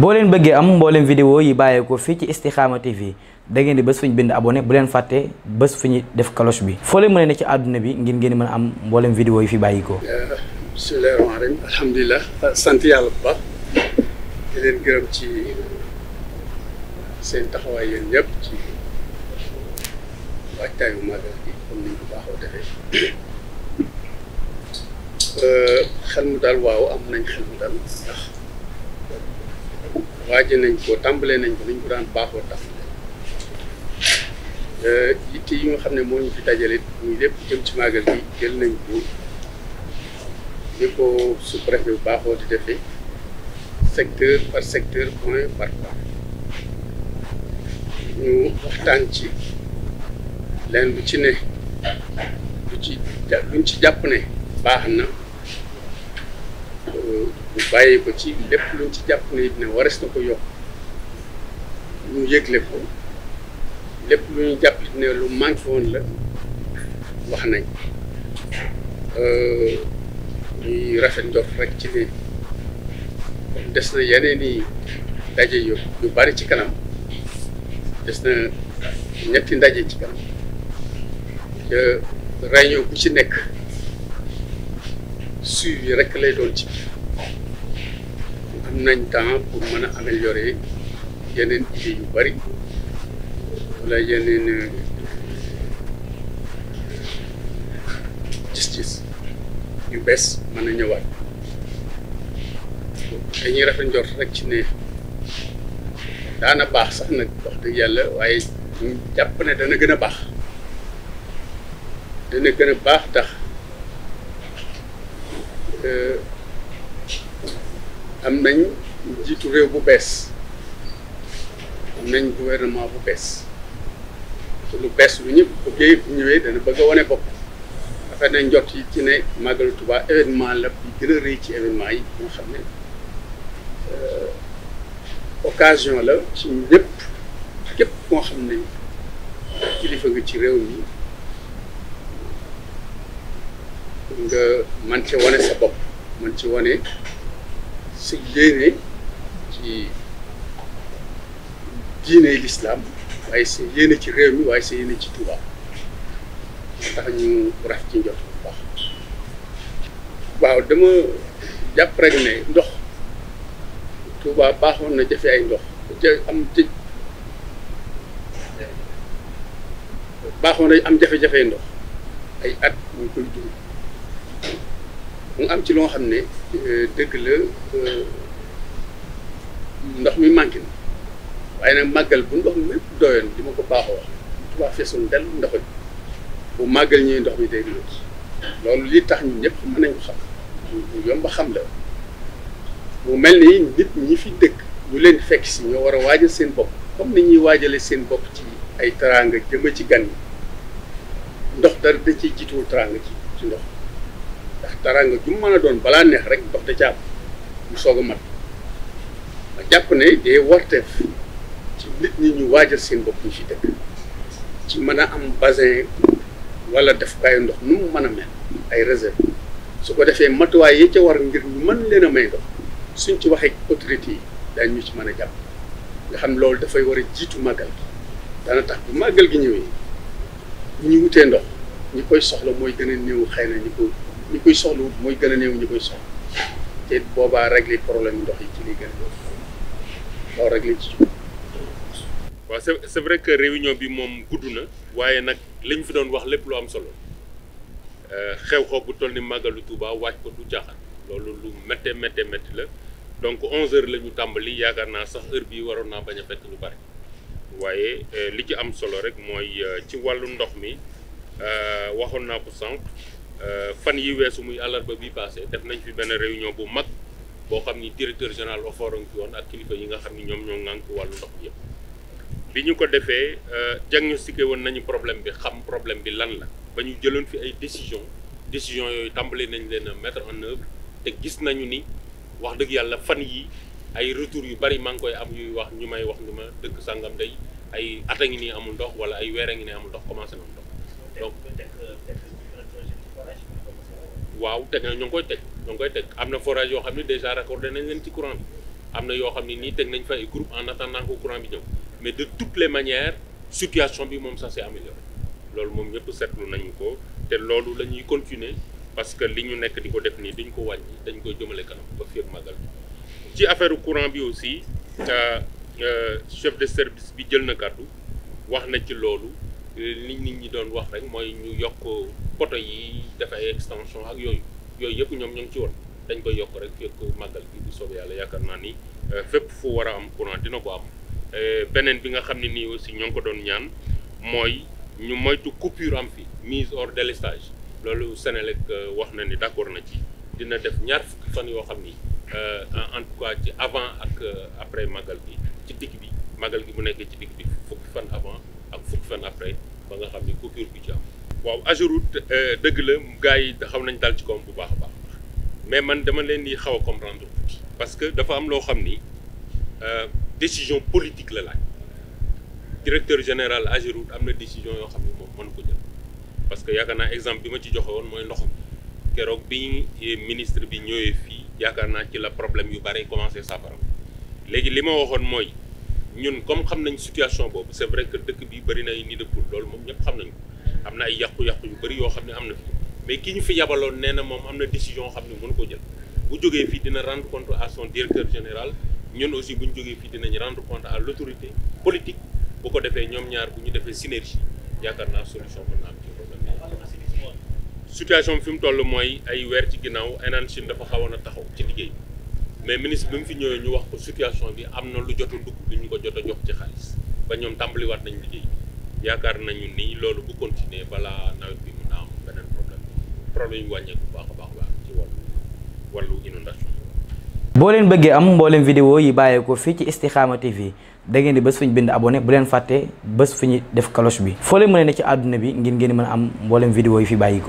boo leen bëggee am mbooleem vidéo yi bàyyeekoo fii ci Istikhama TV da ngeen di bés fu ñu bind abone bu leen fàtte bés fu ñu def cloche bi foo leen mën a ci àdduna bi ngir ngeen mën am mboolem vidéo yi fi bàyyikoo bismillaahi rahmaani rahiim alhamdulilah sant yàlla bu baax di leen gërëm ci seen taxawaay yéen ñëpp ci waajtaayu magal bi comme ni ñu baaxoo defee euh, waaje nañ ko tàmbalee nañ ko luñ ko daan baaxoo tàmbalee euh, yitte yi nga xam ne moo ñu fi dajale muy lépp jëm ci màggal gi jël nañ ko ni ko sous baaxoo di defee secteur par secteur point par point ñu waxtaan ci leen bu ci ne lu ci luñ ci jàpp ne baax na bu bàyyi ko ci lépp luñ ci jàpp ne dina na ko yokk ñu yëgle ko lépp lu ñu jàpp ne lu manqué la wax nañ ñuy euh, rafet njort rek ci ne des na yeneen i ndaje yu yu bari ci kanam des na ñetti ndaje ci kanam te bu ci nekk suivi rek lay doon ci. am nañ temps pour mën a améliorer yeneen idées yu bari wala yeneen gis euh, yu bees mën a ñëwaat dañuy rafet njort rek ci ne daana baax sax nag wax dëgg yàlla waaye ñu jàpp ne dana gën a baax dana gën a baax tax euh, am nañ jiitu réew bu bees am nañ gouvernement bu bees te lu bees lu ñëpp bu ñëwee dana bëgg a wane bopp dafay nañ jot yi ci ne Màggalu Tuubaa événement la bi gën a rëy ci événement yi nga xam ne euh, occasion la ci ñëpp képp koo xam ne kilifa nga ci réew mi nga man ci wane sa bopp man ci wane si yéene ci diine lislaam waaye si yéene ci réew mi waaye si yéene ci Tuuba moo tax ñu raf ci njot waaw dama jàpp rek ne ndox Tuuba baaxoon na jafe ay ndox am baaxoon na am jafe-jafe ndox ay at ñu koy dund mu am ci loo xam ne euh, dëgg la euh, ndox mi manqué na waaye nag màggal bu ndox mi lépp doyoon li ma ko baaxoo wax tubaab feesul del ndox mi bu màggal ñuy ndox mi day loolu li tax ñun mën nañ ko xam bu yomb xam la bu mel ni nit ñi fi dëkk ñu leen fekk si ñoo war a waajal seen bopp comme ni ñuy waajale seen bopp ci ay teraanga jëm ci gan yi ndox dara da ciy jiitu teraanga ci ci ndox ndax taraanga ju mën a doon balaa neex rek dox te caab mu soog a mat ma jàpp ne day warteef ci nit ñi ñu waajal seen bopp ñu ci dëkk ci mën a am basin walla def kaayu ndox nu mu mën a mel ay réserve su ko defee matuwaay yi ca war ngir ñu man leen a may ndox suñ ci waxee autorité yi daañu ñu ci mën a jàpp nga xam loolu dafay war a jiitu màggal dana tax bu màggal gi ñëwee ñu wutee ndox ñi koy soxla mooy gën a néew xëy na ñi ko ñi koy soxla wut mooy gën a néew ñi koy soxla te boobaa réglé problème ndox yi ci liy gën a néew loolu réglé ci waaw c'est c'est vrai que réunion bi moom gudd na waaye nag liñ fi doon wax lépp lu am solo euh, xew xew bu toll ni màggalu Touba waaj ko du caaxaan loolu lu méttee méttee métti la donc onze heures la ñu tàmbali yaakaar naa sax heure bi waroon naa bañ a fekk lu bari waaye euh, li ci am solo rek mooy euh, ci wàllu ndox mi waxoon naa ko sànq. Euh, fan yi weesu muy àllarba bi passé def nañ fi benn réunion bu mag boo xam ni directeur général OFOR ngi ci woon ak kilifa yi nga xam ni ñoom ñoo ŋànk wàllu ndox yëpp bi ñu ko defee jang euh, diagnostiqué woon nañu problème bi xam problème bi lan la ba ñu jëloon fi ay décision décision yooyu tàmbali nañ leen a mettre en œuvre te gis nañu ni wax dëgg yàlla fan yi ay retour yu bari maa ngi koy am yuy wax ñu may wax ni ma dëkk sàngam day ay at a amul ndox wala ay weer a ngi nii amul commencé na waaw teg ñoo ñu ngi koy teg ñu ngi koy teg am na forage yoo xam ne déjà raccordé nañ leen ci courant bi am na yoo xam ne nii teg nañ fa ay groupe en attendant ko courant bi ñëw mais de toutes les manières situation bi moom ça s'est amélioré loolu moom ñëpp seetlu nañu ko te loolu lañuy ñuy continuer parce que li ñu nekk di ko def nii dañ ko wàññi dañ koy jëmale kanam ba fii ak ci affaire courant bi aussi euh, euh, chef de service bi jël na kàddu wax na ci loolu Euh, li nit ñi doon wax rek mooy ñu yokk poto yi def ay extension ak yooyu yooyu yëpp ñoom ñoo ngi ci woon dañ koy yokk rek fekk màggal bi bu soobee yàlla yaakaar naa ni euh, fépp fu war a am courant dina ko am euh, beneen bi nga xam ne nii aussi ñoo ko doon ñaan mooy ñu moytu coupure am fi mise hors délestage loolu Sénélec wax na ni d'accord na ci dina def ñaar fukki fan yoo xam ni en tout cas ci avant ak après màggal bi ci digg bi màggal gi bu nekkee ci digg bi. waaw Ageroute euh, dëgg la mu gars yi xaw nañ dal ci koom bu baax a baax mais man dama leen di xaw a comprendre parce que dafa am loo xam ni euh, décision politique la laaj directeur général Ageroute am na décision yoo xam ne moom man ko jël parce que yaakaar naa exemple bi ma ci joxe woon mooy ndox mi keroog bi ministre bi ñëwee fii yaakaar naa ci la problème yu bari commencé saafara léegi li ma waxoon mooy ñun comme xam nañu situation boobu c'est vrai dëkk bi bari na ay nids de poule loolu moom ñëpp xam nañ am na ay yàqu-yàqu yu bëri yoo xam ne am na fi mais ki ñu fi yabaloon nee na moom am na décision yoo xam ne mënu ko jël bu jógee fii dina rendre compte à son directeur général ñun aussi bu ñu jógee fii dinañ rendre compte à l'autorité politique bu ko defee ñoom ñaar bu ñu defee synergie yaakaar naa solution mën na am ci problème situation bi fi mu toll mooy ay weer ci ginnaaw Hainan Chine dafa xawoon a taxaw ci liggéey mais ministre bi mu fi ñëwee ñu wax ko situation bi am na lu jot a dugg lu ko jot a jox ci xaalis ba ñoom tàmbaliwaat nañ liggéey yaakaar nañu ni loolu bu continuer balaa nawet bi mun a am beneen ci wàllu wàllu bëggee am mbooleem vidéo yi bàyyeekoo fii ci Istikhama TV da ngeen di bës fu ñu bind abonné bu leen fàtte bës fu ñu def cloche bi foo leen mën a ne ci àdduna bi ngir ngeen mën am mbooleem vidéo yi fi bàyyikoo